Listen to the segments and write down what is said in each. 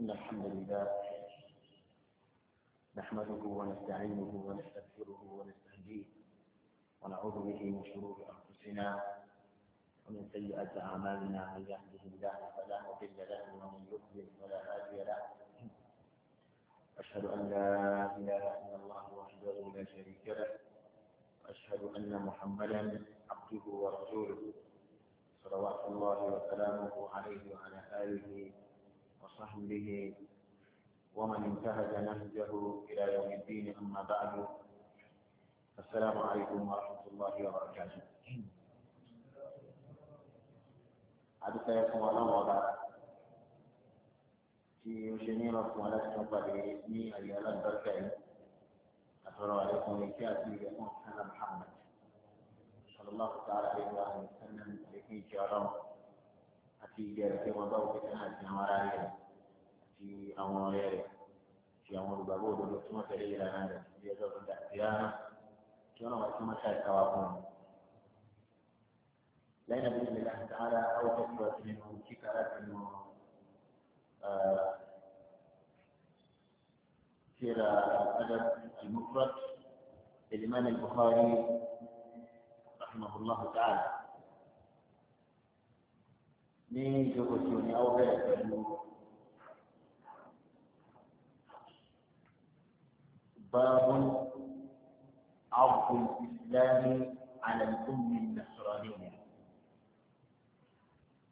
إن الحمد لله نحمده ونستعينه ونستغفره ونستهديه ونعوذ به من شرور أنفسنا ومن سيئات أعمالنا من يهده الله فلا مضل له ومن يضلل فلا هادي له أشهد أن لا إله إلا الله وحده لا شريك له وأشهد أن محمدا عبده ورسوله صلوات الله وسلامه عليه وعلى آله وصحبه ومن انتهج نهجه الى يوم الدين اما بعد السلام عليكم ورحمه الله وبركاته عدت لكم الله وضع في يوشني لكم ولكم فبإذني أي ألا البركين أترى عليكم لكاتي يكون حنا محمد صلى الله تعالى عليه وسلم لكي جارون àti ìjẹ́rìí wọn bá òfin náà àti àwọn ará rẹ̀ àti àwọn ọ̀rẹ́ rẹ̀ àti àwọn olùgbàgbọ́ òdodo tí wọ́n tẹ̀lé ìlànà rẹ̀ àti ẹjọ́ tó dà sí ara kí wọ́n wáá tí wọ́n ṣàì káwá fún un. لأن بإذن الله تعالى أو كثرة منه شكرات منه سير الأدب المفرد للإمام البخاري رحمه الله تعالى نيجي باب عرض الاسلام على الام النصرانيه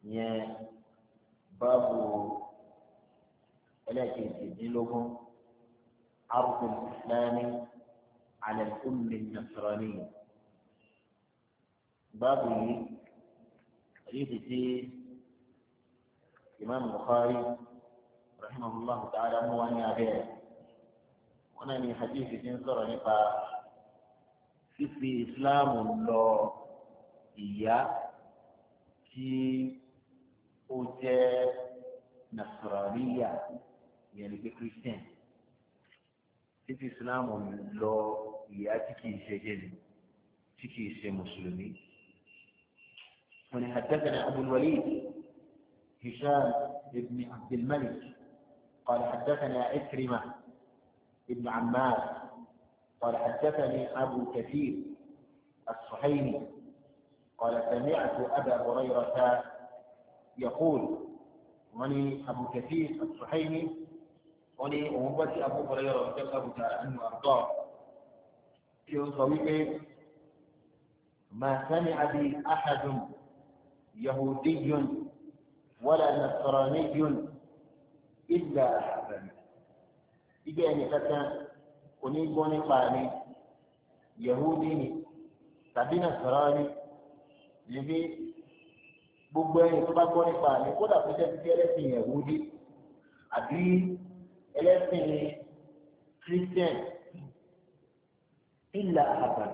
يا باب ولكن في دينهم عرض الاسلام على الام النصرانيه باب يريد فيه Imam Bukhari rahimahullahu ta'ala mú wa ní abẹ́ rẹ̀ wọn náà ní hadith ti ń sọ̀rọ̀ nípa fífi Islam lọ ìyá tí ó jẹ́ nasarariya ìyẹn ní pé christian fífi Islam lọ ìyá tí kìí ṣe jẹ́ni tí kìí ṣe mùsùlùmí. wọn ni hadith kan ní Abul Walid. هشام بن عبد الملك قال حدثنا عكرمة بن عمار قال حدثني أبو كثير الصهيني قال سمعت أبا هريرة يقول وني أبو كثير الصهيني وني أمبتي أبو هريرة رضي الله تعالى عنه وأرضاه في ما سمع بي أحد يهودي ولا نصراني إلا أحبني إجا أن يفتن كوني بوني قاني يهودي tàbí nàìjíríà rí níbi gbogbo ẹni tó bá gbọ́ nípa àmì kódà tó jẹ́ títí ẹlẹ́sìn Yẹhudi àbí ẹlẹ́sìn Christian ìlà àbà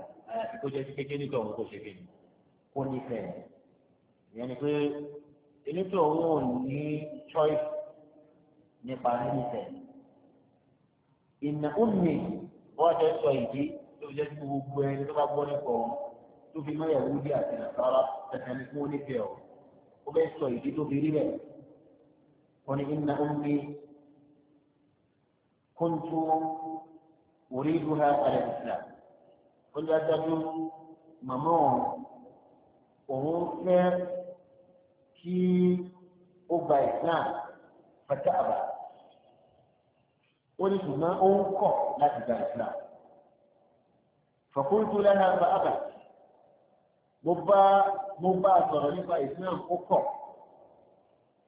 àti kó jẹ́ sí kékeré nígbà òun kò ṣe kéde kó nífẹ̀ẹ́ ìyẹn ni pé ènìtò owó ní choice nípa nílùfẹ́ ìnà òmìnì wọ́n ṣe sọ ìdí tó fi jẹ́ kí gbogbo ẹni tó bá gbọ́ nípa ọ̀hún tó fi mọ́ ìyàwó bí àti nàṣàrà tẹ̀sán ní fún onífẹ́ ọ̀ ó fẹ́ sọ ìdí tó fi rí rẹ̀ wọ́n ní ìnà òmìnì kóńtó orí ìlú àlẹ́ ìsìlá ó dájú màmá òun fẹ́ tí ó gba islam pẹ̀tẹ́ àbá ó ní ṣùgbọ́n ó ń kọ̀ láti gba islam fọ̀kúrútú lẹ́nà àgbà àbá mo bá mo bá sọ̀rọ̀ nípa islam ó kọ̀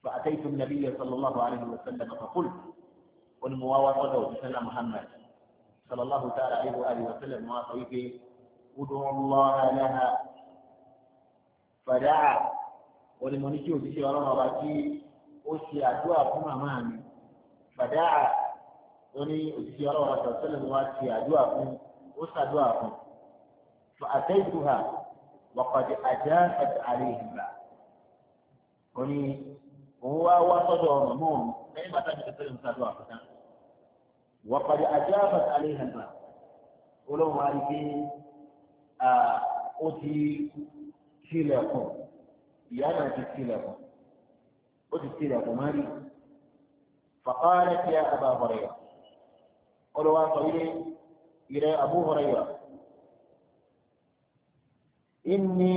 فأتيت النبي صلى الله عليه وسلم فقلت والمواوصة وسلم محمد صلى الله تعالى عليه وآله وسلم وصيفه ادعوا الله لها فدعا wọ́n ni mo ní kí òṣìṣẹ́ ọlọ́run ọba kí ó ṣe àdúrà fún màmá mi gbàdá ó ní òṣìṣẹ́ ọlọ́run ọba sọ̀tẹ́lẹ̀ mi wá ṣe àdúrà fún ó ṣàdúrà fún fàtẹ́jú ha wàkàdé àjá ẹ̀dá àlẹ́ ìgbà ó ní òun wá wá sọ́dọ̀ ọ̀rọ̀ mọ́ òun lẹ́yìn bàtà mi sọ̀tẹ́lẹ̀ mi ṣàdúrà fún tán wàkàdé àjá ẹ̀dá àlẹ́ ìgbà ó lóun wá rí pé ó ti tilẹ̀kùn ìyá náà ti tilẹ̀kùn ó ti tilẹ̀kùn má rí fàkàrẹ́ tí a Abu Hurayra olùwà sọ ilé ìrẹ́ Abu Hurayra inni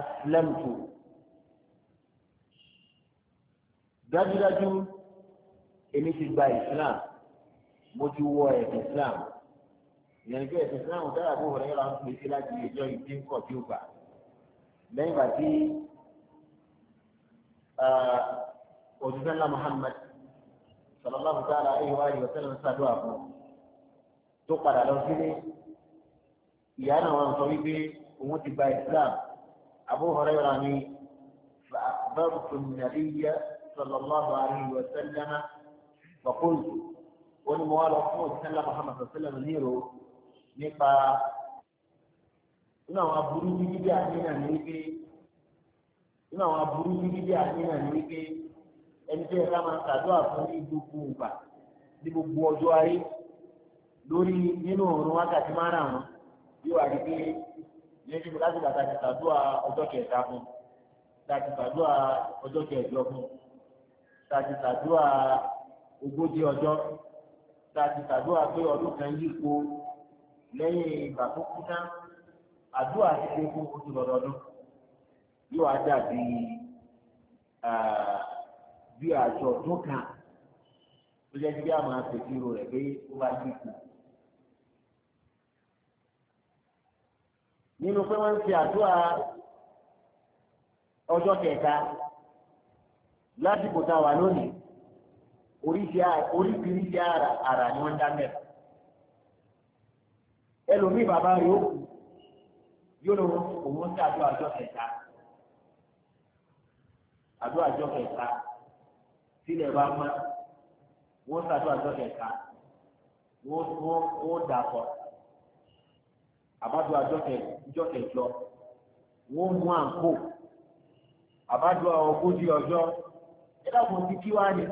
aslamtu dájúdájú èmi ti gba islam mo ti wọ ẹ̀sìn islam ìyẹn ní pé ẹ̀sìn islam dára Abu Hurayra ń pèsè láti ẹjọ́ ìdínkọ̀ tí ó gbà lẹ́yìn ìgbà tí òṣìṣẹ́ ńlá Muhammad sallallahu ta'ala alaihi wa alihi wa sallam ṣàdúrà fún tó padà lọ sílé ìyá náà wọn sọ wípé òun ti gba Islam Abu Hurairah ni فأخبرت النبي صلى الله عليه وسلم فقلت ولموالى محمد صلى الله عليه وسلم نيرو nípa nínú àwọn aburú bíbí bí àníyàn ní wípé nínú àwọn aburú bíbí bí àníyàn ní wípé ẹni tí ẹ̀ka máa ṣàdúrà fún ní gbogbo ìgbà ní gbogbo ọjọ́ ayé lórí nínú òórùn wákàtí márùn-ún yóò wá rí pé lẹ́yìn tí láti bàtà ti ṣàdúrà ọjọ́ kẹta fún láti ṣàdúrà ọjọ́ kẹjọ fún láti ṣàdúrà ogójì ọjọ́ láti ṣàdúrà pé ọdún kan yípo lẹ́yìn ìgbà tó kú náà àdúrà ti dé fún ojú lọ́dọọdún yóò á dàbí bí àjọ ọdún kan tó jẹ́ bí àwọn aṣèjúrò rẹ̀ pé ó bá yí kù. nínú pé wọ́n ń ṣe àdúrà ọjọ́ kẹta lásìkò tá a wà lónìí oríṣiríṣi ara ni wọ́n dá mẹ́rin ẹlòmíì bàbá rẹ̀ ó kù yóò lọ òun sí àdó àjọ kẹta àdó àjọ kẹta sílẹ̀ bá mọ́ wọ́n sàdó àjọ kẹta wọ́n wọ́n wọ́n dà pọ̀ àbádó àjọ kẹjọ wọ́n mú àǹkó àbádó ogójì ọjọ́ ẹ dákun ti kí wá ní.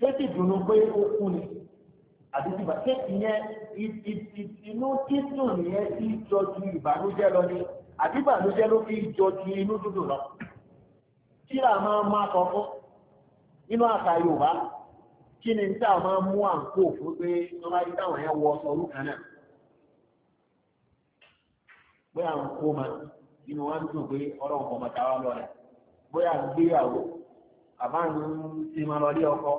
Ṣé ti dùnú pé ó kú ni? àdúgbò bá ṣé ìyẹn inú títún ti jọ ju ìbànújẹ́ lọ ni àbí ìbànújẹ́ ló fi jọ ju inú dúdú lọ kíra máa máa kọ fún nínú àṣà Yorùbá kí ni tí a máa mú àǹkó ọsọ náà ń ma inú wa ń dùn pé ọlọ́run kọ́ lọ rẹ̀ bóyá gbéyàwó àbá ń lọ ọkọ.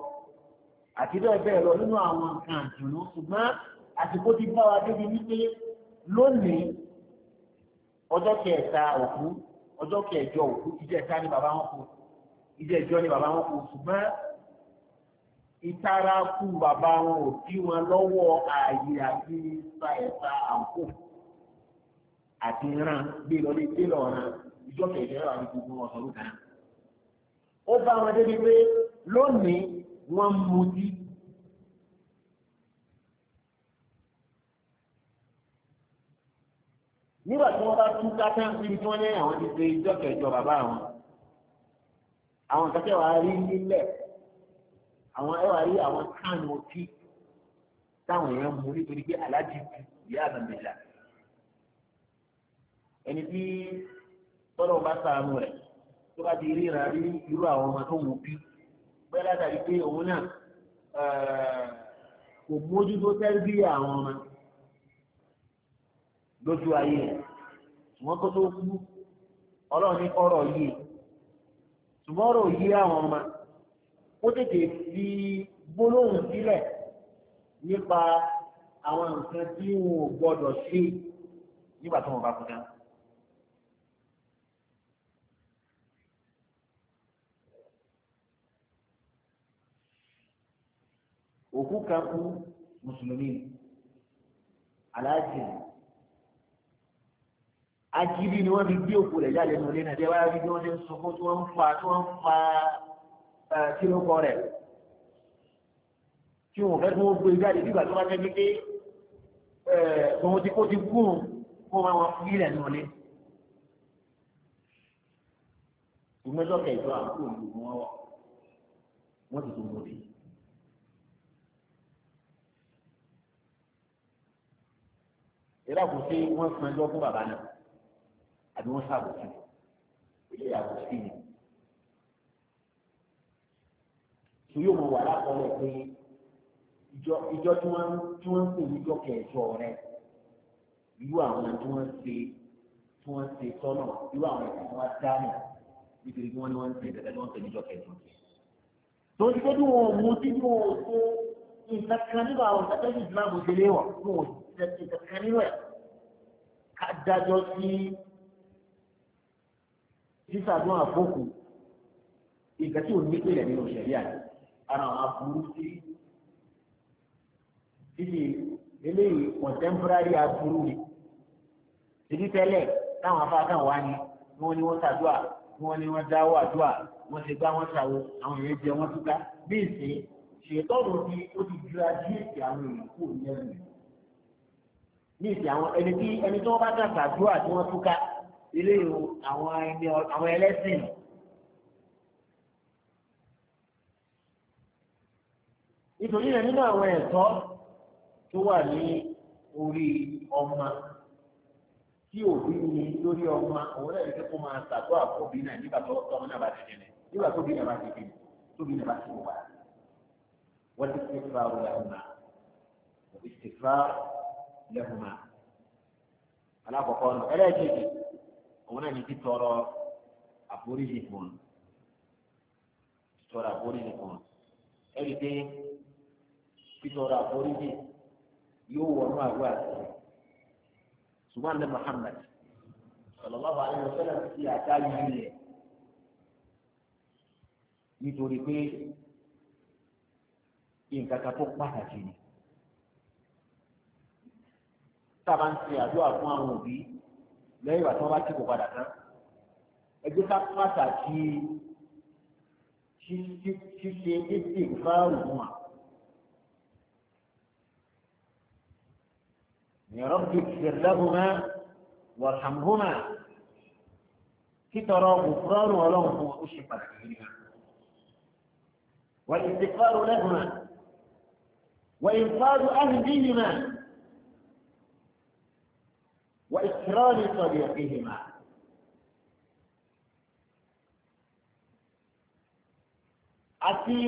àti bẹ́ẹ̀ bẹ́ẹ̀ lọ nínú àwọn nǹkan àjùnú ṣùgbọ́n àsìkò ti bá wa débi wípé lónìí ọjọ́ kẹta òkú ọjọ́ kẹjọ òkú ìjẹta ni bàbá wọn kú ìjẹjọ ni bàbá wọn kú ṣùgbọ́n ìtara kú bàbá wọn ò bí wọn lọ́wọ́ ààyè àti ìfà ẹ̀fà àǹkó àti ìran gbé lọlé gbé lọ́ràn ìjọ kẹjọ ẹ̀rọ àti gbogbo ọ̀sán ló dáná. ó bá wọn débi pé lónìí wọ́n mutí nígbà tí wọ́n bá tún kátá níbi tí wọ́n ní àwọn ti ṣe ìjọ kẹjọ bàbá àwọn àwọn kẹkẹ wàá rí nílẹ̀ àwọn ẹwà rí àwọn kánú ọtí táwọn èèyàn mú nítorí pé aláàjì ti ìyá àbẹ̀mẹ̀lá ẹni tí tọ́lọ́ bá sàánú rẹ̀ tó bá ti ríra rí irú àwọn ọmọ tó wù bíi bẹ́ẹ̀ látàrí pé òun náà eh, kò mójútó tẹ́lifí àwọn ọmọ lójú ayé rẹ̀ ṣùgbọ́n kó tó kú ọlọ́run ní ọ̀rọ̀ yìí ṣùgbọ́n ọ̀rọ̀ yìí àwọn ọmọ ó tètè fi gbólóhùn sílẹ̀ nípa àwọn nǹkan tí wọn ò gbọdọ̀ ṣe nígbà tó wọn bá kú náà. òkú kan kú mùsùlùmí aláàjì ajíbí ni wọ́n fi gbé òkú rẹ̀ jáde nínú ilé náà jẹ́ wáyé bí wọ́n ṣe ń sunkún tí wọ́n ń fa tí wọ́n ń fa kílókọ rẹ̀ tí wọ́n fẹ́ kí wọ́n gbé e jáde bí ìgbà tó bá jẹ́ pé òun ti kó ti kú òun kó máa wọn fi ilẹ̀ nínú ilé. ìmọ̀lọ́kẹ̀ ìjọ àkókò ìlú wọn wọ́n ti tó mọ̀ bíi. ìlà kò sí wọ́n san ẹjọ́ fún bàbá náà àbí wọ́n sábò sí ilé ìyàwó sí ni. tó yóò mọ wà lápọlọ pé ìjọ tí wọ́n tí wọ́n ń pè níjọ kẹjọ rẹ irú àwọn tí wọ́n ṣe tí wọ́n ṣe sọ́nà irú àwọn ẹ̀ka tí wọ́n dáná nítorí wọ́n ní wọ́n ń ṣe ìdẹ́gbẹ́ tí wọ́n ń pè níjọ kẹjọ rẹ. tó ń ṣe pé bí wọn ò mú sí bí wọn ò tó nǹkan kan nínú àwọn ìdájọ́ ìdílé àbòjẹ́lé wọn bí wọn ìjẹsìn kankan nínú ẹ̀ ká dájọ́ sí sísàdún àfókù ìgbà tí ò ní pèlè nínú ìṣẹ̀lẹ̀ àti ara àwọn aburú sí títí eléyìí contemporary aburú ni títí tẹ́lẹ̀ táwọn afáàkàn wá ní wọ́n ní wọ́n ṣàdúà wọ́n ní wọ́n dáwọ́ àdúà wọ́n ti gbá wọ́n ṣàwo àwọn èèyàn jẹ wọ́n túká bí ìsìn ṣètọ́rọ̀ ni ó ti ju adíyèsí àwọn èèyàn kúrò ní ẹ̀rù ní ìsìn àwọn ẹni tí ẹni tí wọ́n bá dàgbà dúrà tí wọ́n túká ilé àwọn ẹni àwọn ẹlẹ́sìn. nítorí rẹ̀ nínú àwọn ẹ̀tọ́ tó wà ní orí ọmọ tí òbí ní lórí ọmọ òun náà ní kó máa tàbí àkóbí náà nígbà tó tọmọ náà bá ti jẹlẹ nígbà tó bí náà bá ti jẹlẹ tó bí náà bá ti wà. wọ́n ti ṣe fáwọn ọ̀la ọ̀la òbí ti fáwọn. lẹ́hùnmá alákọ̀ọ́kọ́ nù ẹlẹ́ẹ̀kejì òun náà ní ti tọrọ àforíjì fún tọrọ àforíjì fún pé títọrọ àforíjì yóò wọnú àti ṣùgbọ́n ní Muhammad nítorí pé nǹkan kan tó pàtàkì ni. sábà ń ṣe àdúrà fún àwọn òbí lẹ́yìn ìgbà tí wọ́n bá ti kò padà tán ẹgbẹ́ ká pàtàkì ṣíṣe ètè fáàrùn wa. رب اغفر لهما وارحمهما كترى غفران ولهم هو أشرف عليهما والاستغفار لهما وإنقاذ أهلهما وإكرام طريقهما àti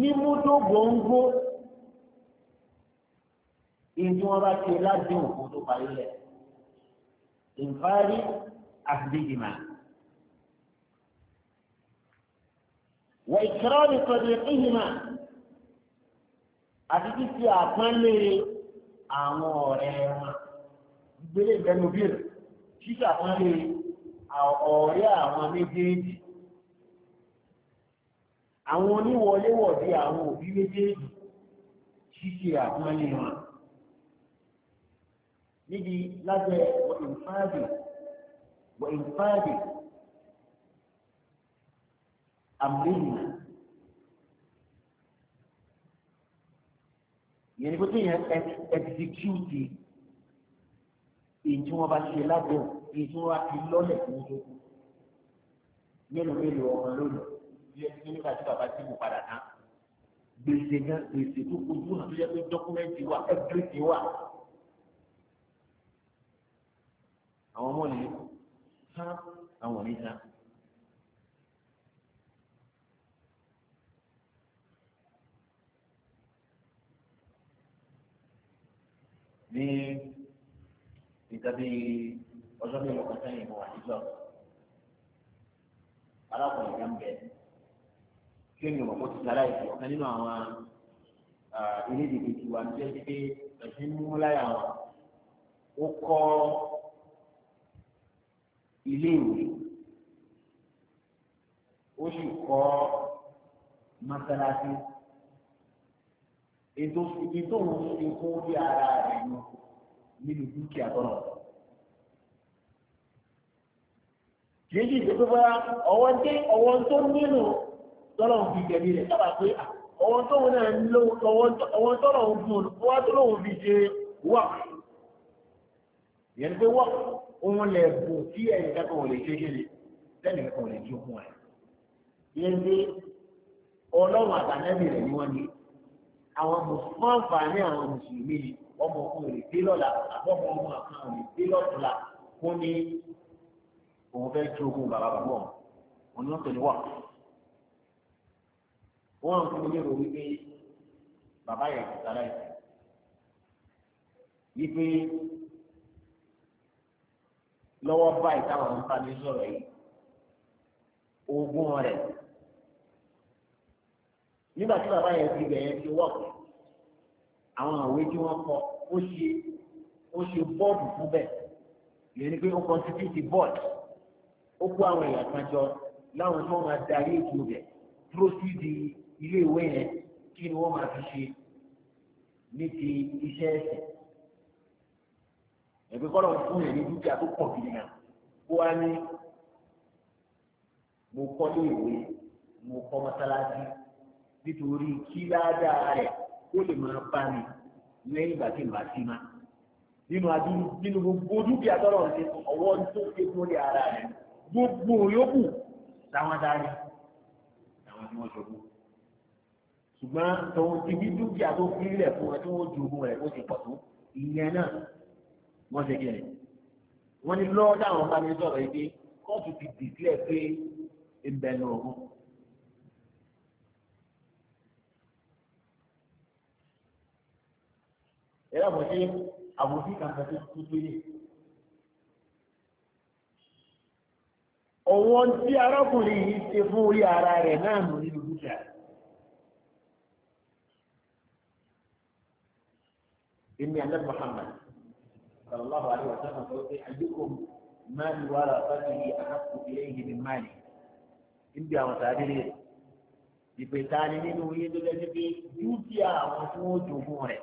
mímúdó gbòǹgbò ìdí wọn bá ti láti òkú tó parí lẹ ìfárí àfìdíjìmá wà ìkírọ́ ní sọ̀dọ̀ ìhìmá àti títí àpọ́nlé àwọn ọ̀rẹ́ wọn gbélé ìgbẹ́nu bíèrè títí àpọ́nlé ọ̀rẹ́ àwọn méjèèjì àwọn oníwọléwọ̀dé àwọn òbí méjèèjì títí àpọ́nlé wọn níbi lábẹ́ wọ̀ìfáàdì wọ̀ìfáàdì àmìlìyàn ìyẹn ni pé kéèyàn ẹtìkútì èyí tí wọ́n bá ṣe lábẹ́ èyí tí wọ́n bá fi lọ́lẹ̀ fún ojú mélòó mélòó ọmọ lónìí bí ẹni tí nígbà tí bàbá ti mú padà tán gbèsè gan gbèsè tó kojú hàn tó yẹ pé dọ́kúmẹ́ntì wà ẹ́gírẹ́tì wà àwọn ọmọ nìyẹn sá àwọn nìyẹn sá. ní nǹkan bíi ọjọ́ bíi ọkọ̀ sẹ́yìn ìbò àtijọ́ alákùnrin kan bẹ̀ kí ni ìwọ̀n kó ti sára ìfẹ́ ọ̀kan nínú àwọn ilé ìdìbò ti wà níjẹ́ pé ẹ̀sìn mímú láyà wọn ó kọ́ ilé ìwé ó sì kọ́ mọ́sálásí ètò ètò òun fi kó bí ara rẹ̀ nù nínú dúkìá tọ́nà. kìí ṣe ìgbésẹ̀ bá ọwọ́ dé ọwọ́ tó nínú tọ́nà fi jẹ̀bi rẹ̀ sábà pé ah, ọwọ́ tó wọn náà ló ọwọ́ tọ́nà òun fún tó lóun fi ṣe wà. ìyẹn pé wà òun lè bù tí ẹ̀yìn kankan ò lè lẹ́nu kankan ò lè ṣe fún ẹ̀. ìyẹn pé ọlọ́run àtàlẹ́bì rẹ̀ ni wọ́n ní àwọn mùsùlùmí àǹfààní àwọn mùsùlùmí ọmọ òkú rè dé lọ́la àbọ̀mọ ọmọ àkàn rè dé lọ́tùlà kó ní òun fẹ́ jogún bàbá bàbá òun òun ló ń tẹ̀lé wà. wọ́n ń fún mi lérò wípé bàbá yẹn ti sára ẹ̀sìn wípé lọ́wọ́ báyìí táwọn ń bá mi sọ̀rọ̀ yìí ogún rẹ̀ nígbà tí bàbá yẹn ti bẹ̀rẹ̀ ti wọ́ọ̀kì àwọn àwé tí wọ́n kọ ó ṣe ó ṣe bọ́ọ̀dù fún bẹ́ẹ̀ ìyẹn ni pé ó constitute board ó kó àwọn èèyàn kan jọ láwọn tí wọ́n máa darí ètò rẹ̀ dúró sí di ilé ìwé yẹn kí ni wọ́n máa fi ṣe ní ti iṣẹ́ ẹ̀sìn ẹ̀gbẹ́ kọ́lọ̀ fún yẹn ní dúkìá tó pọ̀ gidi mo kọ́ ní ìwé mo kọ́ mọ́sálásí nítorí kí ládàá rẹ̀ ó lè máa bá mi lẹ́yìn ìgbà tí màá sí máa nínú adúlù nínú gbogbo dúkìá tọ́lọ̀ ṣe ọwọ́ tó ṣe fún ní ara rẹ̀ gbogbo yòókù táwọn darí táwọn tí wọ́n ṣogún ṣùgbọ́n tòun ti bí dúkìá tó fi rílẹ̀ fún ẹ tí wọ́n jogún rẹ̀ ó ti pọ̀ tó ìyẹn náà wọ́n ṣe kẹrẹ̀ wọ́n ní lọ́ọ́ dáhùn bá mi sọ̀rọ̀ yìí pé kóòtù ti dìklẹ̀ pé ń bẹ lọ́ọ̀gùn ẹ̀rọ àbọ̀ ṣe àbòsí kàǹkà tó tó lé. ọ̀wọ́n tí arákùnrin yìí ṣe fún orí ara rẹ̀ náà nù nínú dúkìá rẹ̀. إني أنا محمد صلى الله عليه وسلم قلت أيكم مال ورثته أحب إليه من مالي níbi àwọn sáré rẹ̀ ìpèta ni nínú yín tó lẹ́sí pé dúkìá àwọn tí wọ́n jogún rẹ̀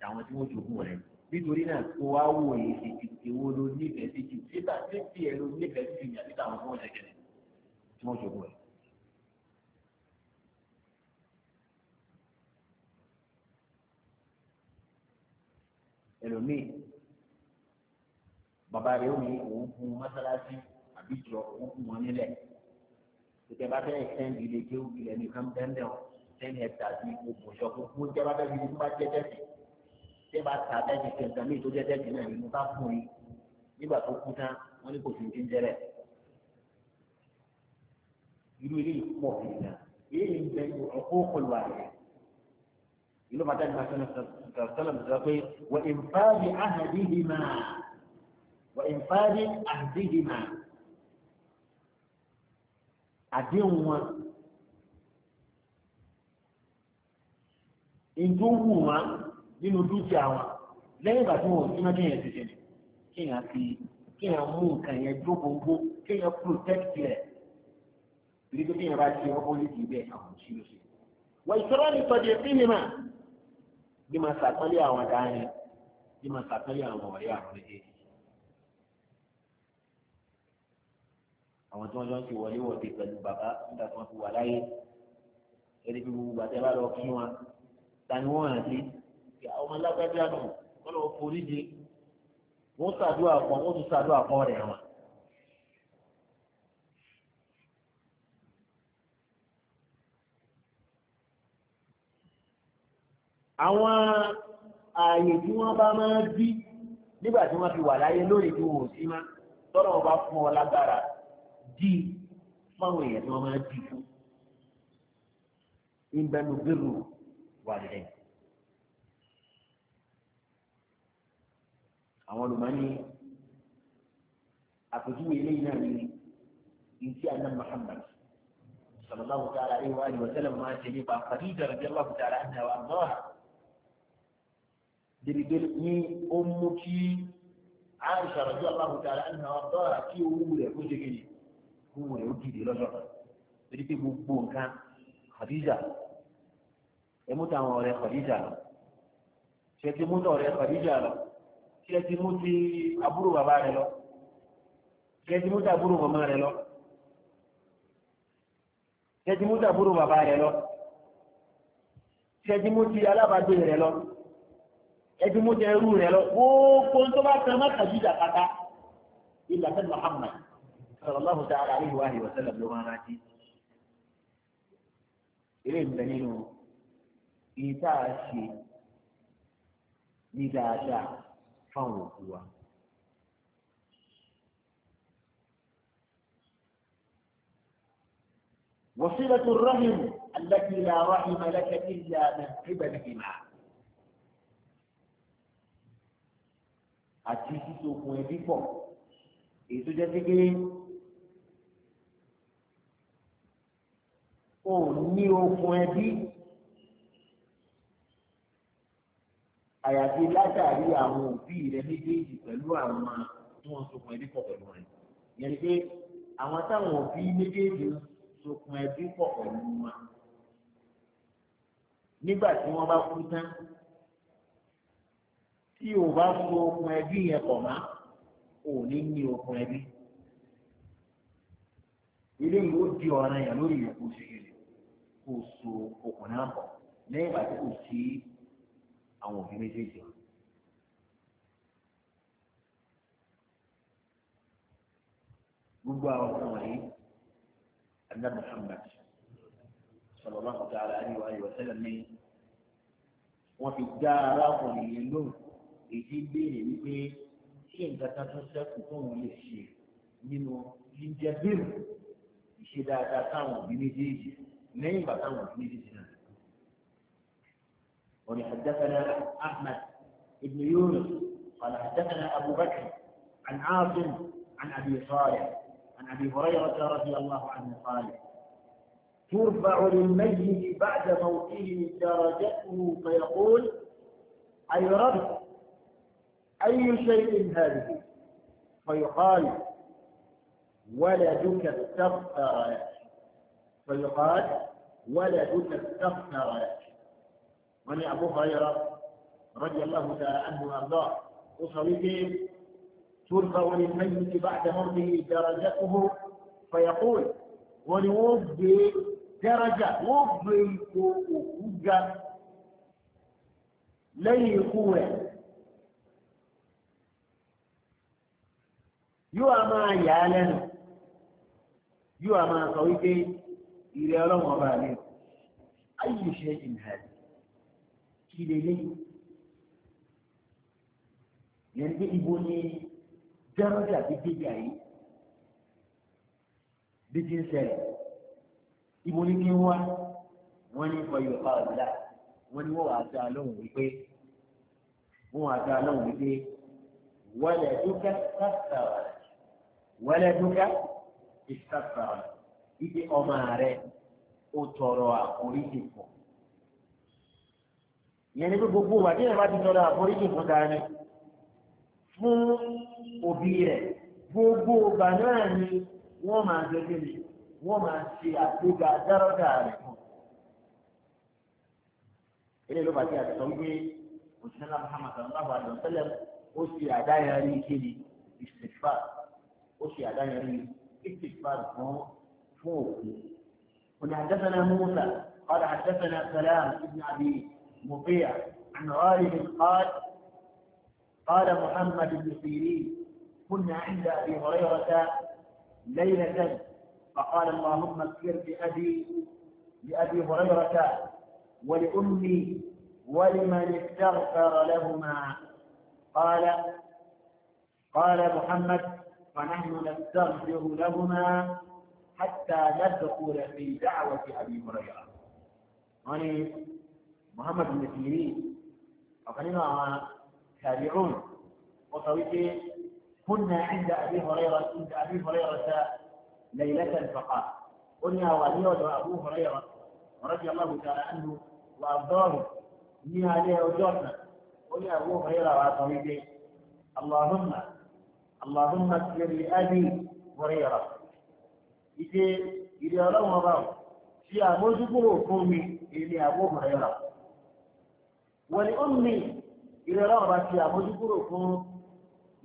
àtàwọn tí wọ́n jogún rẹ̀ nítorí náà kó wá wò yìí ṣe ti ìwò ló nífẹ̀ẹ́ sí ju síta tí tí ẹ ló nífẹ̀ẹ́ sí ìyá níta àwọn tí wọ́n ṣẹ̀ṣẹ̀ tí wọ́n jogún rẹ̀. ẹlòmíì bàbá rẹ̀ òun òun fún mọ́sálásí àbí jọ òun fún wọn nílẹ̀ tètè bá fẹ́ ẹ̀sẹ̀ǹdì ilé kéwù ilẹ̀ nìkan bẹ́ẹ̀ bẹ́ẹ̀ sẹ́ni ẹ̀ta sí ipò fún jẹ́ bá fẹ́ fi ní bá jẹ́ tẹ̀sí tí ẹ bá ta tẹ́jì kẹta mi tó jẹ́ tẹ́jì náà ni mo bá fún yín nígbà tó kú tán wọ́n ní kò sí ní jẹ́rẹ̀. irú ilé pọ̀ nígbà èyí ń bẹ ọkọ̀ òkòlù ààrẹ ìlú bàtà ní bàtà sọlọ sọ pé wà ìfáàdì àhàdìdì máa wà ìfáàdì àhàdìdì máa àdéhùn wọn. ìdúnwù wọn nínú dúkìá wọn lẹ́yìn ìgbà tí wọn ò sí mọ́ kéèyàn ṣiṣẹ́ ni kéèyàn fi kéèyàn mú nǹkan yẹn dúró gbogbo kéèyàn protect rẹ̀ torí pé kéèyàn bá ṣe ọkọ̀ lè dì bẹ́ẹ̀ àwọn òṣì ló ṣe. wọ́n ìṣòro ní sọ́dí ẹ̀sìn ni mà bí máa ṣàpẹ́lẹ̀ àwọn dáhìn bí máa ṣàpẹ́lẹ̀ àwọn ọ̀rẹ́ àwọn méjèèjì. àwọn tí wọ́n jọ ń ṣe wọlé wọ̀de pẹ̀lú bàbá nígbà tí wọ́n fi wà láyé ẹni bí gbogbo àti bá lọ kí wọn ta ni wọ́n rántí ọmọ alágbájá nù wọn lọ forí di wọn ṣàdúrà kan wọn tún ṣàdúrà kan rẹ wọn. àwọn ààyè tí wọ́n bá máa bí nígbà tí wọ́n fi wà láyé lórí tí wò sí máa tọ́rọ ọba fún ọ lágbára dí fáwọn èèyàn tí wọ́n máa dì fún ìbẹ̀lú wà lẹ́yìn. àwọn olùmọ̀ọ́ni àpèjúwe eléyìí náà ni ìdí àná Muhammad sallallahu ta'ala alaihi wa alihi wa sallam máa ṣe nípa Khadija radiyallahu ta'ala anha wa anha dèrèdè ní ó mú kí Aisha radiyallahu ta'ala anha wa anha kí owó rẹ̀ kó ṣe kéde owó rẹ̀ ó dìde lọ́jọ́ kan torí pé gbogbo nǹkan Khadija ẹ mú táwọn ọ̀rẹ́ Khadija lọ ṣe ti mú tọ̀ ọ̀rẹ́ Khadija lọ kí ẹ ti mú ti àbúrò bàbá rẹ lọ kí ẹ ti mú ti àbúrò màmá rẹ lọ kí ẹ ti mú ti àbúrò bàbá rẹ lọ kí ẹ ti mú ti gbogbo tó bá tẹ mọ́tàjú ìjàkátá ìlà Muhammad sallallahu ta'ala alayhi wa sallam ló máa rántí eré ń nínú ìta ní dáadáa. fáwọn òkú wa. وصلة الرحم التي لا رحم لك إلا من قبل الإمام àti sísokùn ẹbí pọ̀ èyí tó jẹ́ kékeré ò ní okùn ẹbí àyàfi látàrí àwọn òbí rẹ méjèèjì pẹ̀lú àwọn tí wọ́n sokùn ẹbí pọ̀ pẹ̀lú rẹ̀ yẹn ni pé àwọn táwọn òbí méjèèjì sokùn ẹbí pọ̀ pẹ̀lú wọn nígbà tí wọ́n bá kú tán tí o bá so okùn ẹbí yẹn pọ̀ mọ́ ò ní ní okùn ẹbí ilé yìí ó di ọ̀ràn yẹn lórí ìyókù sí i kò so okùn náà pọ̀ lẹ́yìn ìgbà tí kò sí àwọn òbí méjèèjì. gbogbo àwọn ọmọ yìí anna muhammad sallallahu ta'ala alayhi wa sallam ni wọn fi dá arákùnrin yìí lóhùn èyí béèrè wípé ṣé nǹkan kan tó ṣẹ́kù tóun lè ṣe nínú jíjẹ bírù ìṣe dáadáa táwọn òbí méjèèjì lẹ́yìn ìgbà táwọn òbí méjèèjì náà حدثنا أحمد بن يونس قال حدثنا أبو بكر عن عاصم عن أبي صالح عن أبي هريرة رضي الله عنه قال ترفع للميت بعد موته درجته فيقول أي رب أي شيء هذه فيقال ولدك استغفر لك فيقال ولدك استغفر لك أبو هريرة رضي الله تعالى عنه وأرضاه وصليته ترفع للميت بعد مرضه درجته فيقول ولوضي درجة وفي وجة لي قوة يو أما yà يو أما yóò إلى sọ أي شيء هذا kí lélẹ́yìn yẹn gbé ibo ní jẹ́rọ́dì àti bíjà yìí bí ti ń ṣẹlẹ̀ ibo ní kí n wá wọ́n ní kọ́ yorùbá ọ̀dà wọ́n ní wọ́n wàá dá lóhùn wípé wọ́n wàá dá lóhùn wípé wọ́lẹ̀ dúkẹ́ sàkàrà wọ́lẹ̀ dúkẹ́ ìsàkàrà ibi ọmọ rẹ̀ ó tọrọ àforíjì fún un yẹn ni pé gbogbo wà tí ìrìnàmá ti tọ́lá àforíjì fún dání fún òbí rẹ̀ gbogbo ọgbà náà ni wọ́n máa gẹ́gẹ́ ni wọ́n máa ṣe àgbéga dárọ́dà rẹ̀ fún. ilé ló bá ti àtẹ̀tọ̀ wípé òṣìṣẹ́lá Muhammad sallallahu alayhi wa sallam ó ṣe àdáyẹrí kéde ìṣèfà ó ṣe àdáyẹrí ìṣèfà fún fún òkú. òní àdẹ́sẹ̀nà Musa ọ̀dà àdẹ́sẹ̀nà Salam ibn Abi مطيع عن غالب قال قال محمد بن سيرين كنا عند أبي هريرة ليلة فقال اللهم اغفر لأبي لأبي هريرة ولأمي ولمن استغفر لهما قال قال محمد فنحن نستغفر لهما حتى ندخل في دعوة أبي هريرة يعني Muhammad bin Sirin ọ̀kan nínú àwọn tabi'un ó sọ wípé kunna 'inda Abi Hurairah 'inda Abi Hurairah laylatan faqal ó ní àwọn àníyàn ọ̀dọ̀ Abu Hurairah radiyallahu ta'ala anhu wà bọ́ọ̀rù ní alẹ́ ọjọ́ náà ó ní Abu Hurairah wà sọ wípé Allahumma Allahumma siri Abi Hurairah ìdí ìdí ọlọ́run ọba ò àmójúkúrò fún mi èmi Abu Hurairah wọ̀lẹ̀ ó mi ìrẹ̀lẹ́ ọ̀rọ̀ àti àmójúkúrò fún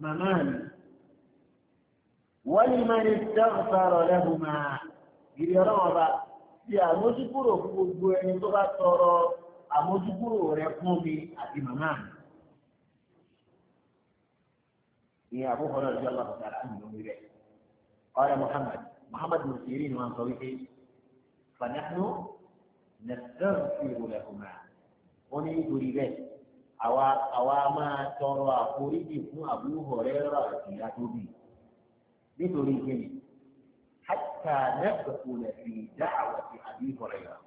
màmá mi. wọ́n ní máa ní dáhùnsáró lẹ́hu máa ìrẹ̀lẹ́ ọ̀rọ̀ ti àmójúkúrò fún gbogbo ẹni tó bá tọrọ àmójúkúrò rẹ fún mi àti màmá mi. ìyẹn àbúkọ náà jọ lọ́kọ̀ wọ́n ní nítorí bẹ́ẹ̀ àwa àwa máa tọrọ àforíjì fún Abu Hurairah àti àtòbí nítorí kíni hàtà nẹ́ẹ̀kù rẹ̀ fi dá àwọn ti Abu Hurairah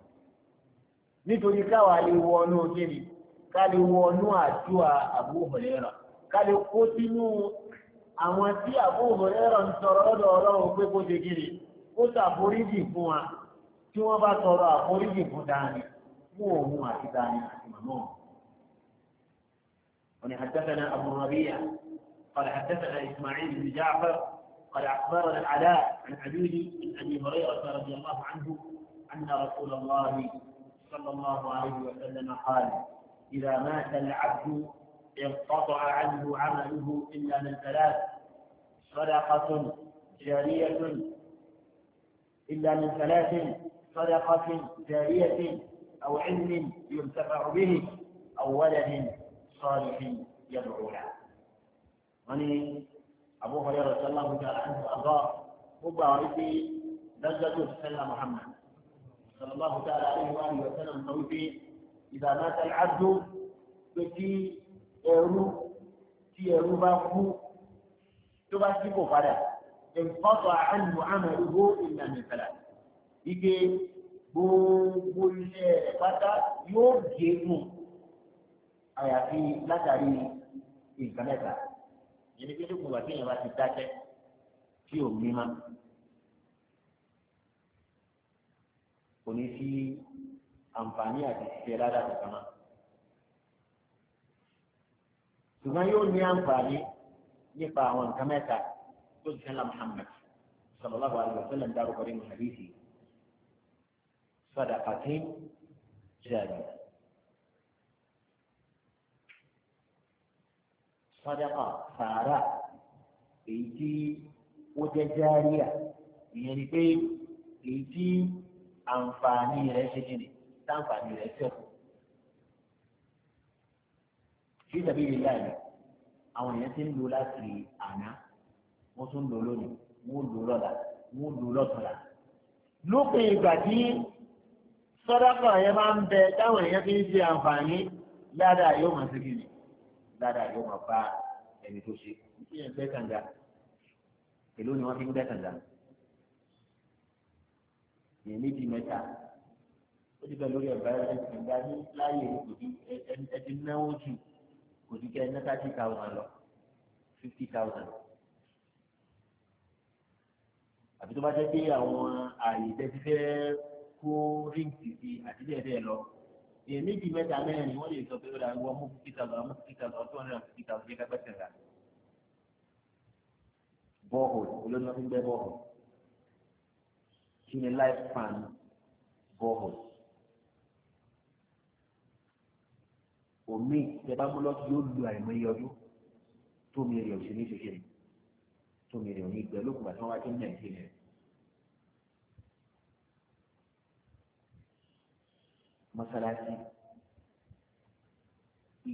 nítorí káwa lè wọnú kíni ká lè wọnú àdúrà Abu Hurairah ká lè kó sínú àwọn tí Abu Hurairah ń tọrọ lọ́dọ̀ ọlọ́run pé kó ṣe kíni kó ṣàforíjì fún wa tí wọ́n bá tọrọ àforíjì fún dání. مو هو كتاني ممنوع حدثنا أبو الربيع قال حدثنا إسماعيل بن جعفر قال أخبرنا العلاء عن عجوز بن أبي هريرة رضي الله عنه أن رسول الله صلى الله عليه وسلم قال إذا مات العبد انقطع عنه عمله إلا من ثلاث صدقة جارية إلا من ثلاث صدقة جارية أو علم ينتفع به أو ولد صالح يدعو له وني أبو هريرة رضي الله تعالى عنه وأرضاه مباركي دجاج سيدنا محمد صلى الله تعالى عليه وآله وسلم قوي إذا مات العبد بكي إيرو تي إيرو باكو تبكي بفلا انقطع عنه عمله إلا من ثلاث ike gbogbo ilé rẹ̀ pátá yóò gégùn àyàfi látàrí nǹkan mẹ́ta yẹn kí lóògùn wà kéèyàn bá ti dákẹ́ tí ò ní ma kò ní sí àǹfààní àti ṣiṣẹ́ ládàá kankan náà ṣùgbọ́n yóò ní àǹfààní nípa àwọn nǹkan mẹ́ta tó ti sẹ́la Muhammad sallallahu alaihi wa sallam dárúkọ nínú hadithi sadaqatin jariya sadaqa sàárà èyí tí ó jẹ́ jariya ìyẹn ni pé èyí tí àǹfààní rẹ̀ ṣe kí ni táǹfààní rẹ̀ ṣẹ̀kù fi tàbí ilé láàyè àwọn èèyàn ti ń lò láti àná wọ́n tún lò lónìí wọ́n lò lọ́la wọ́n lò lọ́tọ̀la lópin ìgbà tí sọ́dọ́kọ̀ yẹn máa ń bẹ táwọn èèyàn fi ń ṣe àǹfààní dáadáa yóò máa ṣe kìnnì dáadáa yóò máa bá ẹni tó ṣe kí ẹ̀ gbẹ́ kànga èló ni wọ́n fi ń gbẹ́ kànga yẹn méjì mẹ́ta ó ti bẹ lórí ẹ̀bá ẹ̀gbá ní láàyè ẹ̀dí náwó jù kò ní kẹ́ ẹ̀ thirty thousand lọ fifty thousand àbí tó bá jẹ́ pé àwọn àyè tẹ́tí fẹ́ẹ́ kó ríǹkì sí àti bẹ́ẹ̀ bẹ́ẹ̀ lọ. èèyàn méjì mẹ́ta mẹ́rin wọ́n lè sọ pé ó dà wọ́n mú fifty thousand mú fifty thousand two hundred and fifty thousand yẹ́ká gbẹ́sẹ̀ rà. bọ́ọ̀hù olóńgbò fi gbẹ́ bọ́ọ̀hù kí ni life span bọ́ọ̀hù. omi ìjẹba mọ́lọ́kì yóò lu àìmọye ọdún tómi rẹ̀ ò sí ní ṣe ṣe tómi rẹ̀ ò ní gbẹ lókùnbà tí wọ́n wá sí nàìjíríà. mọ́sálásí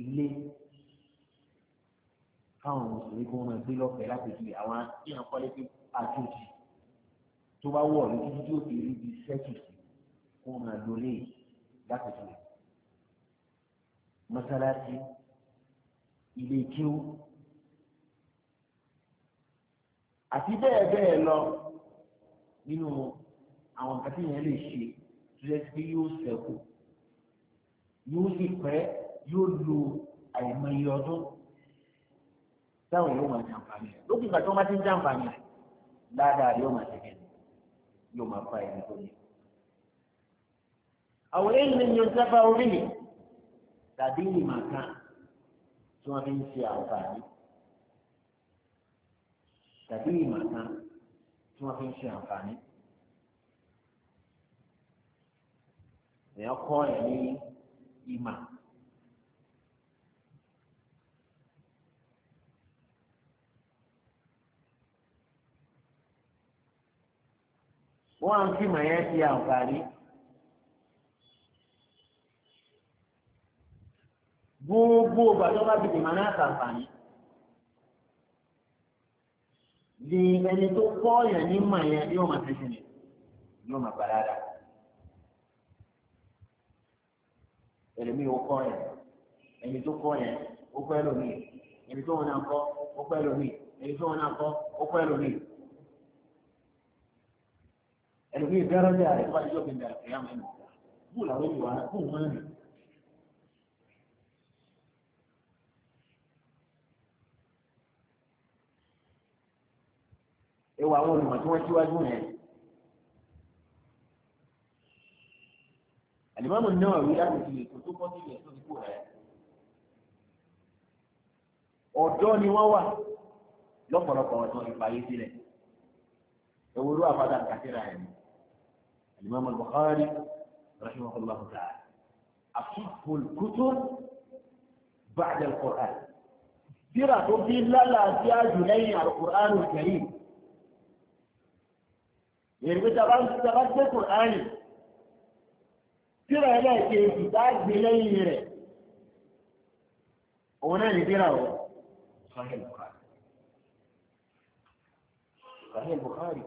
ilé káwọn mùsùlùmí kó máa gbé lọ́fẹ̀ẹ́ lápèjì àwọn ìran kọ́lé pé àjòjì tó bá wọ̀ ní títí tó fi rí bí sẹ́kì sí kó máa lo lé lápèjì mọ́sálásí ilé kíú àti bẹ́ẹ̀ bẹ́ẹ̀ lọ nínú àwọn nǹkan tí yẹn lè ṣe tó yẹ kí yóò ṣẹ́kù yóò sì pẹ́ yóò lo àìmọye ọdún táwọn yóò máa jàǹfààní rẹ̀ ìgbà tí wọ́n bá ti ń jàǹfààní rẹ̀ yóò máa ṣe kẹ́ni yóò máa fa ẹni tó ní. àwọn èèyàn ni yóò sábà orí mi tàbí ìmọ̀ kan tí wọ́n fi ń ṣe àǹfààní tàbí ìmọ̀ kan tí wọ́n fi ń ṣe àǹfààní. èèyàn kọ́ ẹ̀ ní. iman. Wan kima yake ya amfani. Gugu baloma bi mana amfani. Ni to ko ya ni maya yo matashini. Yo mabarara. ẹlòmíì ó kọ́ yẹn ẹni tó kọ́ yẹn ó kọ́ ẹlòmíì ẹni tó wọn náà kọ́ ó kọ́ ẹlòmíì ẹni tó wọn náà kọ́ ó kọ́ ẹlòmíì ẹlòmíì bẹ́rẹ̀ bẹ́ẹ̀ àrẹ fún àdéjọ́ bíi àrẹ fìyàmù ẹ̀mọ́ bú làwọn ènìyàn wà bú wọn nì. ewu àwọn olùmọ̀ tí wọ́n síwájú yẹn. àlùmọ́mù náà rí láti fi ètò tó kọ́ sílẹ̀ tó ti kó rẹ̀. ọ̀dọ́ ni wọ́n wà lọ́pọ̀lọpọ̀ ọ̀dọ́ ìfàyè sílẹ̀ ewúro àfàdà kàtìrà ẹ̀ ní àlùmọ́mù Bukhari rahimahullah ta'ala àfihàn kútó bàjẹ́ kọ́ra síra tó bí lálàáfíà jù lẹ́yìn àlùkùránù kẹrin èrè pé tabagbé kùránì tíra ẹlẹ́ẹ̀kejì bá gbé lẹ́yìn rẹ̀ òun náà ní tíra o Sahih Bukhari Sahih Bukhari.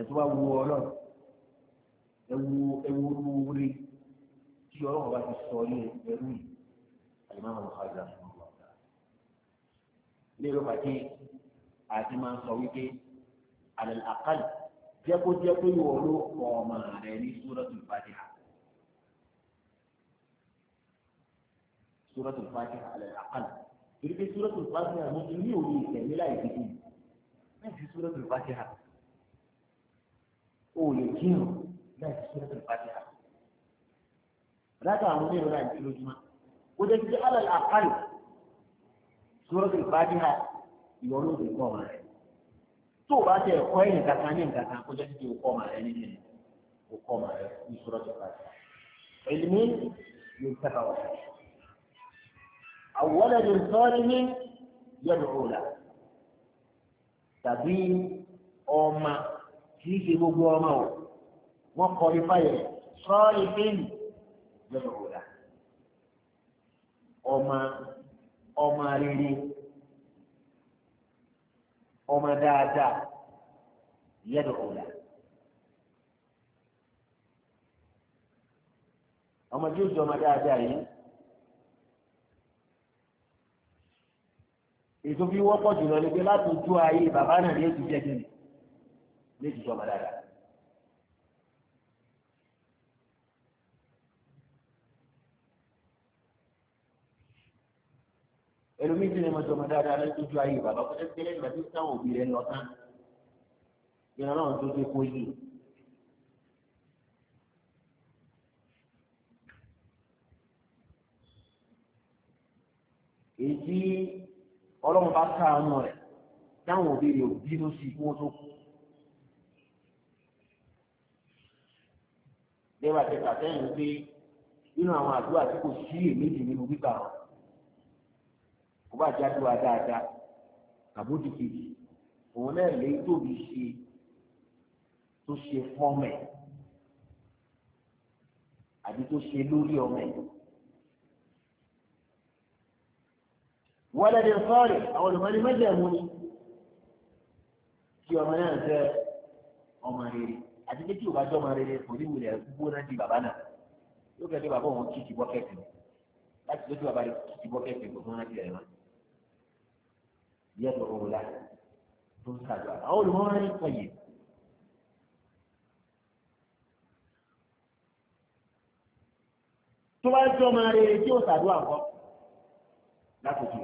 ẹ̀tọ́ bá wu ọlọ́run ẹwu ẹwu orí tí ọlọ́run bá ti sọ ní ẹrú yìí àyìnbá máa ń fa ìdá fún ilé ìlú pàtí àti máa ń sọ wípé على الأقل جاكو جاكو يولو قوما يعني سورة الفاتحة سورة الفاتحة على الأقل تلك سورة الفاتحة ممكن يولي كامل يعني لا يكتين ما في سورة الفاتحة أو يكين ما في سورة الفاتحة لا تعمل ولا يكيلو جمع وده على الأقل سورة الفاتحة يولو بالقوما يعني tó o bá tẹ ẹ̀kọ́ ẹ̀yìn kankan ní nǹkankan kó jẹ́ títí o kọ́ màá rẹ ní kìnnì o kọ́ màá rẹ ní sọ́dọ̀ tó parí. Ẹ̀lmí yóò tẹ́ka wọ̀. Àwọ̀lẹ̀ ní sọ́ọ́rí ní yẹ̀lú òòlà tàbí ọmọ kì í ṣe gbogbo ọmọ o wọ́n kọ́ ifá yẹ̀ sọ́ọ́rí fíìmù yẹ̀lú òòlà ọmọ ọmọ rere ọmọ dáadáa yẹ́dọ̀ ọ̀la. ọmọ tí ó jọ ọmọ dáadáa yìí ètò fi wọ́pọ̀ jùlọ ni pé láti ojú ayé bàbá náà ní ètò jẹ́jẹ́ ní ètò ìjọba dáadáa. ẹlòmíì tí ni mo jọmọ dáadáa lọ sí ojú ayé bàbá kó tẹ́tí lẹ́yìn ìgbà tí sáwọn òbí rẹ̀ lọ tán ìran náà tó dé kó yìí. èyí ọlọ́run bá ká ọmọ rẹ̀ táwọn òbí rẹ̀ ò bínú sí kí wọ́n tó kú. lẹ́wà tẹ̀ka sẹ́yìn pé nínú àwọn àdúrà tí kò sí èméjì nínú gbígbà wọn kó bá jáde wá dáadáa àbójú kejì òun náà lè tóbi ṣe tó ṣe fọ́mẹ̀ àbí tó ṣe lórí ọmọ ẹ̀. wọ́lẹ́dẹ̀ sọ́ọ̀rẹ̀ àwọn olùmọ̀lẹ́ mẹ́jẹ̀mú ni kí ọmọ náà jẹ́ ọmọ rere àti pé tí o bá jẹ́ ọmọ rere kò ní wulẹ̀ gbóná di bàbá náà yóò kẹ́ ẹ́ pé bàbá òun kìkì bọ́kẹ́tì láti tó tí bàbá rẹ̀ kìkì bọ́kẹ́tì kò tó rántí rẹ̀ náà yẹ́dọ̀ له tó ń sàdúrà àwọn olùmọ̀ràn ń pẹ̀yẹ. tó bá jọ máa rere tí ó sàdúrà kọ́ látòkè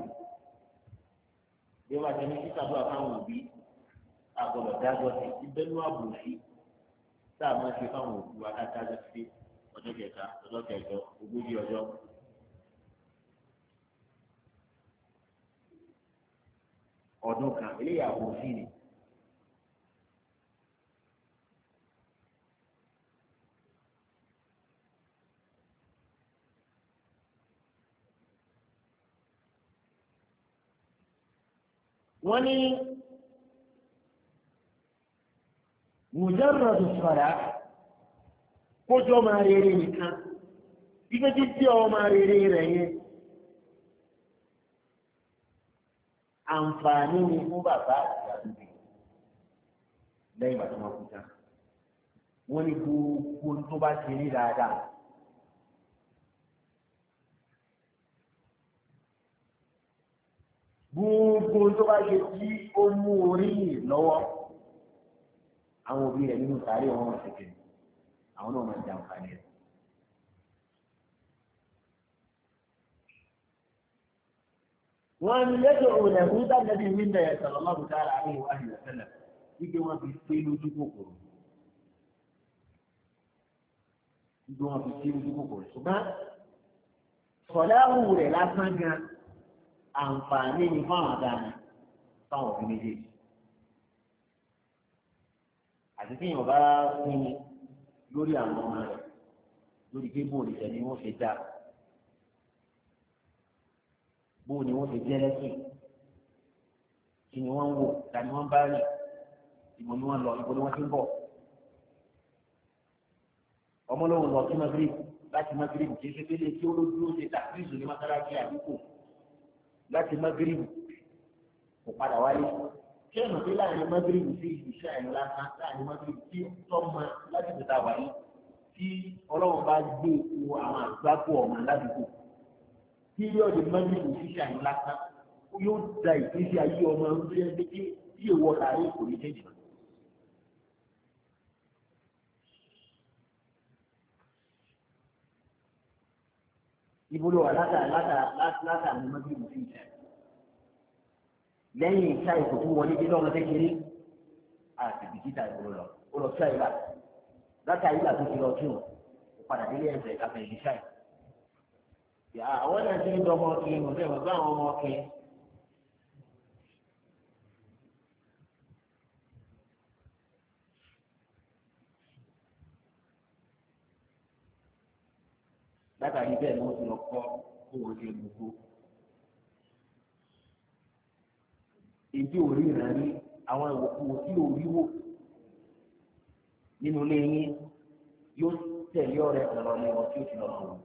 bí wọ́n ti ní sísàdúrà fáwọn òbí agbọ̀dọ̀ dágbọ́ sí ìbẹ́lú àbòsí tá a máa ṣe fáwọn òbí wa ká dágbọ́ sí ọjọ́ kẹta ọjọ́ kẹjọ ogójì ọjọ́. ọdún kan eléyàwó sí ni. wọ́n ní mùjárọ̀dù sọ̀rọ̀ kójọ́ máa rere nìkan ibi tí tí ọ máa rere rẹ̀ yẹn. àǹfààní ni fún bàbá àtìyá tó dé lẹ́yìn bàtà wọn kú tán wọn ní gbogbo tó bá ṣe ní dáadáa. gbogbo tó bá ṣe tí ó mú orí lọ́wọ́ àwọn òbí rẹ̀ nínú sàárè wọn wọn ṣe àwọn náà máa ń jẹ àǹfààní rẹ̀. wọ́n ní lẹ́tọ̀ òun ẹ̀kú dábẹ́bí wíńdẹ̀ sọ̀rọ̀ lọ́rùn dára àárín ìwádìí ìrẹ̀sẹ̀lẹ̀ wípé wọ́n fi pé lójú kòkòrò gbogbo wọn fi sí ojú kòkòrò ṣùgbọ́n sọ̀dáwù rẹ̀ lásán gan àǹfààní ni fáwọn àdáni fáwọn òbí méjèèjì àti tí èèyàn bá fún lórí àwọn ọmọ rẹ̀ lórí pé bóòlù ni wọ́n fi dáa bó ni wọ́n ti jẹ́ lẹ́sìn kí ni wọ́n ń wò ta ni wọ́n bá rìn ìmọ̀ ni wọ́n lọ ibo ni wọ́n ti ń bọ̀ ọmọlọ́wọ́ lọ sí magrib láti magrib kì í ṣe pé lè tí ó ló dúró ṣe tàkìrìsù ní makaraki àdúgbò láti magrib kò padà wáyé kí ẹ̀nà pé láàrin magrib sí ìṣe àìní lásán láàrin magrib tí tọ́mọ láti tètè wáyé tí ọlọ́run bá gbé ipò àwọn àgbákò ọ̀mọ ládùúgbò píríọ̀dù mọ́nì òṣìṣẹ́ àyè lásán yóò da ìgbésí ayé ọmọ orí ẹgbẹ́ tí tí èèwọ̀ láàrin kò ní tẹ̀lé. ibùdó wà látàrí látàrí mọ́nì òṣìṣẹ́ lẹ́yìn ìṣá ìkòkò wọlé dé lọ́nà kékeré àti bìkítà ìgbòho lọ ó lọ sí àyè látàrí látàrí ìgbà tó ti lọ tún padà délé ẹ̀sẹ̀ ìkàfẹ́ ìṣá ìkòkò. Ah, àwọn náà ti ń dọ ọmọ kiri nù bẹ́ẹ̀ bàbá àwọn ọmọ kiri. látàrí bẹ́ẹ̀ ni wọ́n ti lọ kọ́ owó ṣe gbogbo. Èdè òrí ìrànlẹ́ àwọn ìwòkuwò tí ò wò nínú ilé yín yóò tẹ̀lé ọ̀rẹ́ ọ̀rọ̀ tí ó ti lọ́wọ́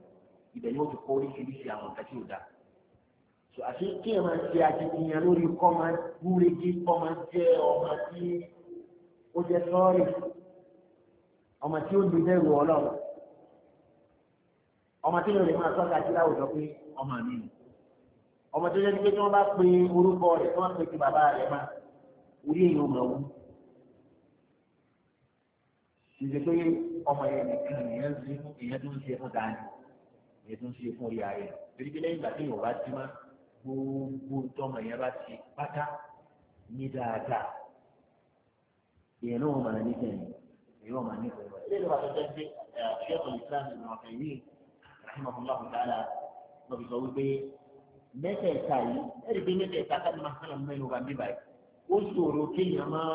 ibẹ̀ ni ó ti kọ́ oríṣiríṣi àwọn nǹkan tí ò dáa so àti kí ẹ máa ṣe akitiyan lórí kọ́ máa gúrégé kọ́ máa jẹ́ ọmọ tí ó jẹ́ sọ́ọ̀rì ọmọ tí ó dùn bẹ́ẹ̀ wọ ọlọ́run ọmọ tí yóò lè máa sọ́ka sí láwùjọ pé ọmọ mi nù ọmọ tó jẹ́ pé tí wọ́n bá pe orúkọ rẹ̀ tí wọ́n pe ti bàbá rẹ̀ máa orí èèyàn máa wú ìdè pé ọmọ yẹn nìkan èèyàn ń ṣe fún tó ń ṣe fún dáadáa yẹn tó ń ṣe fún ìyá rẹ̀ torí pé lẹ́yìn ìgbà tí yorùbá ti má gbogbo tọmọ yẹn bá ti pátá ní dáadáa èèyàn náà wọn máa ní sẹ́yìn èèyàn wọn máa ní sẹ́yìn wọn. eléyìí wà tó jẹ́ pé ṣẹ́kọ̀ọ́ islam ní ọ̀nà ìwé rahimahullahu ta'ala lọ fi sọ wípé mẹ́tẹ̀ẹ̀ta yìí ẹ̀rí pé mẹ́tẹ̀ẹ̀ta káàdì máa sálà mẹ́rin ọba bíbá ó ṣòro kéèyàn máa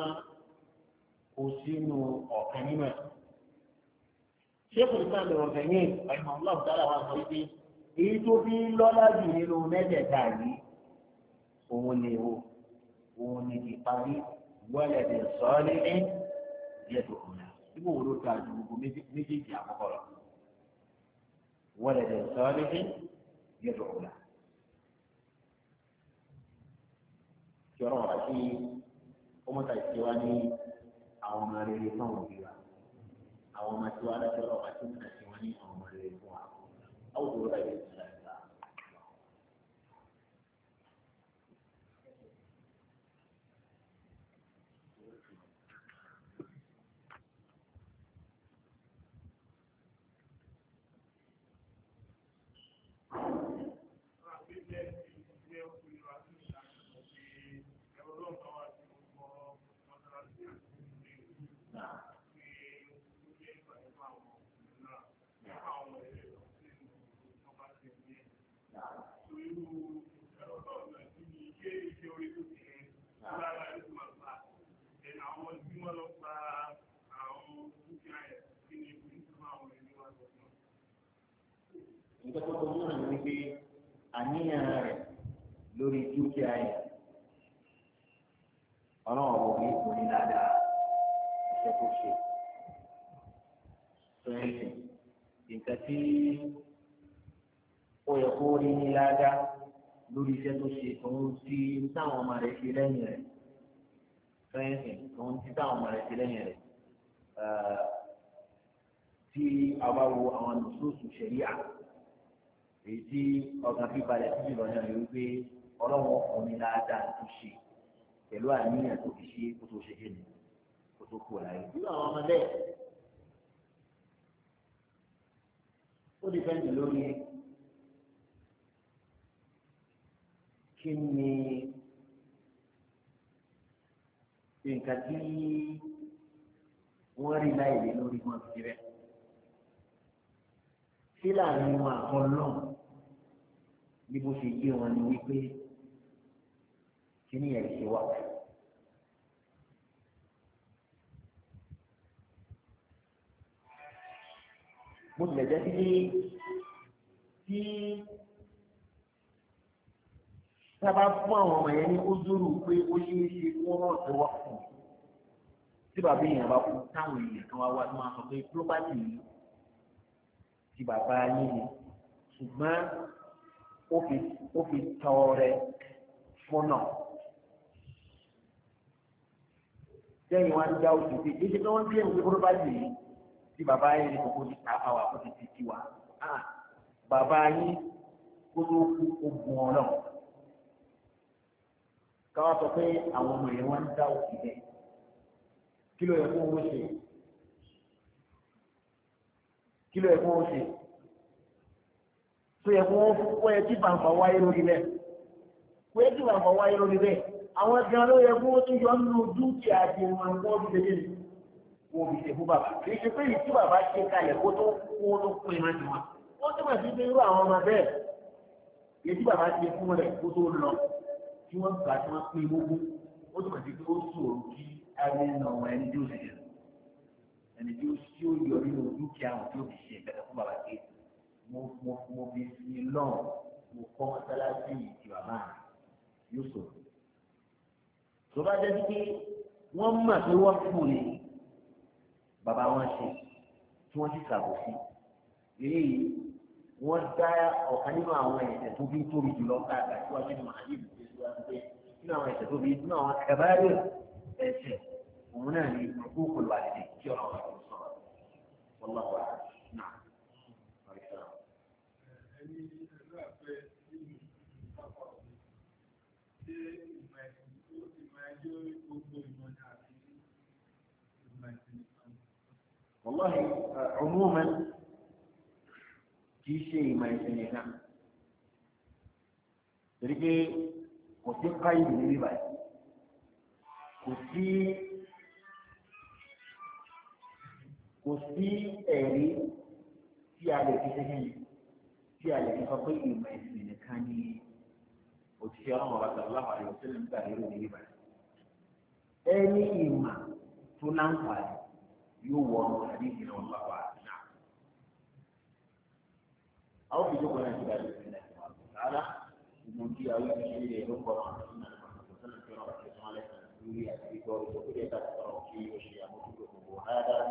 kó sínú ọ̀kan nínú ẹ̀ ṣéèkù ní sáà lọ́wọ́ fẹ̀yìn ọ̀nà ọlọ́run tó aláwọ̀ àkọ́ ibi èyí tó fi lọ́lá jù nínú mẹ́tẹ̀ẹ̀ta yìí òun ni o òun ni ìparí wọ́lẹ̀dẹ̀ sọ́ọ́lé ní yẹ̀dọ̀ ọ̀nà ibò wo ló ta ju gbogbo méjèèjì àkọ́kọ́ lọ wọ́lẹ̀dẹ̀ sọ́ọ́lé ní yẹ̀dọ̀ ọ̀nà. Jọ̀rọ̀ àti ọmọ tàìsí wa ní àwọn ọmọ rere náà bí wa. àwọn ọmọ tí wàá lọ́jọ́ ọba tí wọ́n ti wọ́n ní ọmọ rẹ̀ fún wa. àwùjọ rẹ̀ nígbà tó kọjú rẹ̀ ní pé àníyàn rẹ̀ lórí dúkìá yẹn ọlọ́run ò ní kò ní dáadáa iṣẹ́ tó ṣe. Sọ́yìn nǹkan tí ó yẹ kó rí ní ládàá lórí iṣẹ́ tó ṣe òun ti táwọn ọmọ rẹ̀ ṣe lẹ́yìn rẹ̀. Sọ́yìn òun ti táwọn ọmọ rẹ̀ ṣe lẹ́yìn rẹ̀. Tí a bá wo àwọn nùsùsù ṣẹ̀ríà èyí tí ọkàn fi balẹ̀ sí jùlọ náà yóò gbé ọlọ́run ọkùnrin dáadáa tó ṣe pẹ̀lú àníyàn tó fi ṣe kó tó ṣe ṣe nù kó tó kú ọ̀la yìí. nínú àwọn ọmọdé ó di fẹ́ǹdì lórí kí ni nǹkan tí wọ́n rí láì lórí wọn fi bẹ́ẹ̀ sí láàrin wọn àkọlọ́ bí bó ṣe yé wọn ni wípé kíní yẹn ṣe wà. mo tilẹ̀ jẹ́ sí tí sábà fún àwọn ọmọ yẹn ní ojúrù pé ó ṣeé ṣe kí wọ́n náà ṣe wà fún un tí bàbá èèyàn bá kú táwọn èèyàn kan wá wá tó máa sọ pé púrọ́pátì yìí ti bàbá yín ni ṣùgbọ́n ó fi tọrẹ fọ́nà. sẹ́yìn wọn ń dá oṣù tí èyí tó ń bí ẹ̀wọ̀n kúrò bá yìí tí bàbá yín ní kókó ti ta àwà kó ti ti tiwa bàbá yín kó tó kú ogun ọ̀rọ̀ káwá sọ pé àwọn ọmọ yẹn wọn ń dá oṣù bẹ́ẹ̀ kí ló yẹ kó wọ́n ṣe kí ló yẹ kó ṣe tó yẹ kó wọ́n yẹ kí bàǹfà wáyé lórí rẹ̀ kó yẹ kí bàǹfà wáyé lórí rẹ̀ àwọn gan ló yẹ kó tún yọ nínú dúkìá di wọn kó wọ́n fi lè kó fi ṣe fún bàbá kì í ṣe pé yìí tí bàbá ṣe kalẹ̀ kó tó kó tó kó iná ti wọn ó túmọ̀ sí pé irú àwọn ọmọ bẹ́ẹ̀ yìí tí bàbá ṣe fún rẹ̀ kó tó lọ tí wọ́n gbà tí wọ́n pín gbogbo ó túmọ̀ sí pé ó ṣòro kí ẹni tí ó ṣí ó yọ nínú dúkìá àwọn tí ó fi ṣe ìgbàgbọ́ fún bàbá pé mo mo mo fi sí lọ́ọ̀ mo kọ́ mọ́sálásí ìdí bàbá mi yóò sọ̀rọ̀. tó bá jẹ́ pé wọ́n mọ̀ pé wọ́n fún un ní bàbá wọn ṣe tí wọ́n ti ṣàbòsí eléyìí wọ́n dá ọ̀kan nínú àwọn ẹ̀ṣẹ̀ tó fi tóbi jùlọ káàkiri wájú ní màálí ìbùdó ìṣúra ń bẹ́ẹ̀ nínú àwọn ẹ̀ṣẹ̀ tó fi nínú àwọn kẹbáyé ẹ̀ṣẹ̀. ومناهي حقوق الوالدين في رواه الصلاة والله أعلم نعم والله آه، عموما في شيء ما يسمينا لكي وثقة يبني بعد وثقة kò sí ẹ̀rí tí a lè fi ṣẹ́yìn tí a lè fi sọ pé ìmọ̀ ẹ̀sìn nìkan ni òṣìṣẹ́ ọlọ́run ọba sallallahu alaihi wasallam ń gbà lérò ní ibà. ẹni ìmọ̀ tó láǹfààní yóò wọ ọmọ àbí ìdílé wọn bá wà náà. àwọn òṣìṣẹ́ kan náà ti bá lóṣù náà wà sáárá ìgbọ̀n kí àwọn ìṣe ilé ló ń bọ̀ wọn àti ìmọ̀ àwọn ọ̀sán náà ti rán